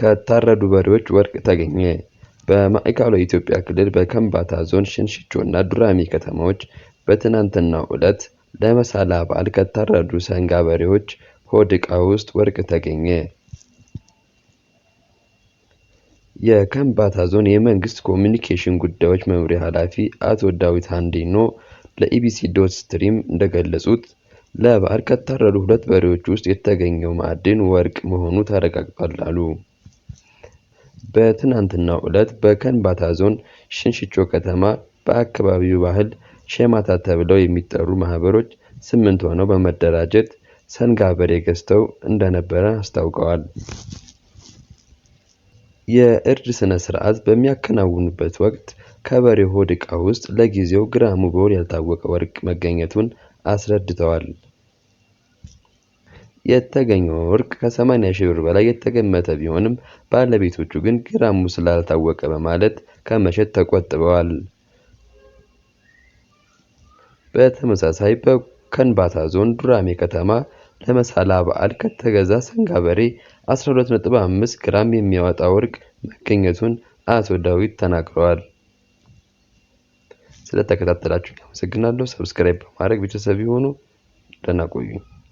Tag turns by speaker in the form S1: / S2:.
S1: ከታረዱ በሬዎች ወርቅ ተገኘ። በማዕከላዊ ኢትዮጵያ ክልል በከምባታ ዞን ሽንሽቾ እና ዱራሜ ከተማዎች በትናንትናው ዕለት ለመሳላ በዓል ከታረዱ ሰንጋ በሬዎች ሆድ ዕቃ ውስጥ ወርቅ ተገኘ። የከምባታ ዞን የመንግስት ኮሚኒኬሽን ጉዳዮች መምሪያ ኃላፊ አቶ ዳዊት አንዴኖ ለኢቢሲ ዶት ስትሪም እንደገለጹት ለበዓል ከታረዱ ሁለት በሬዎች ውስጥ የተገኘው ማዕድን ወርቅ መሆኑ ተረጋግጧል አሉ። በትናንትናው ዕለት በከንባታ ዞን ሽንሽቾ ከተማ በአካባቢው ባህል ሼማታ ተብለው የሚጠሩ ማህበሮች ስምንት ሆነው በመደራጀት ሰንጋ በሬ ገዝተው እንደነበረ አስታውቀዋል። የእርድ ስነ ስርዓት በሚያከናውኑበት ወቅት ከበሬ ሆድ ዕቃ ውስጥ ለጊዜው ግራሙ በውል ያልታወቀ ወርቅ መገኘቱን አስረድተዋል። የተገኘው ወርቅ ከ80 ሺህ ብር በላይ የተገመተ ቢሆንም ባለቤቶቹ ግን ግራሙ ስላልታወቀ በማለት ከመሸጥ ተቆጥበዋል። በተመሳሳይ በከንባታ ዞን ዱራሜ ከተማ ለመሳላ በዓል ከተገዛ ሰንጋ በሬ 12.5 ግራም የሚያወጣ ወርቅ መገኘቱን አቶ ዳዊት ተናግረዋል። ስለተከታተላችሁ አመሰግናለሁ። ሰብስክራይብ በማድረግ ቤተሰብ የሆኑ ደህና ቆዩኝ።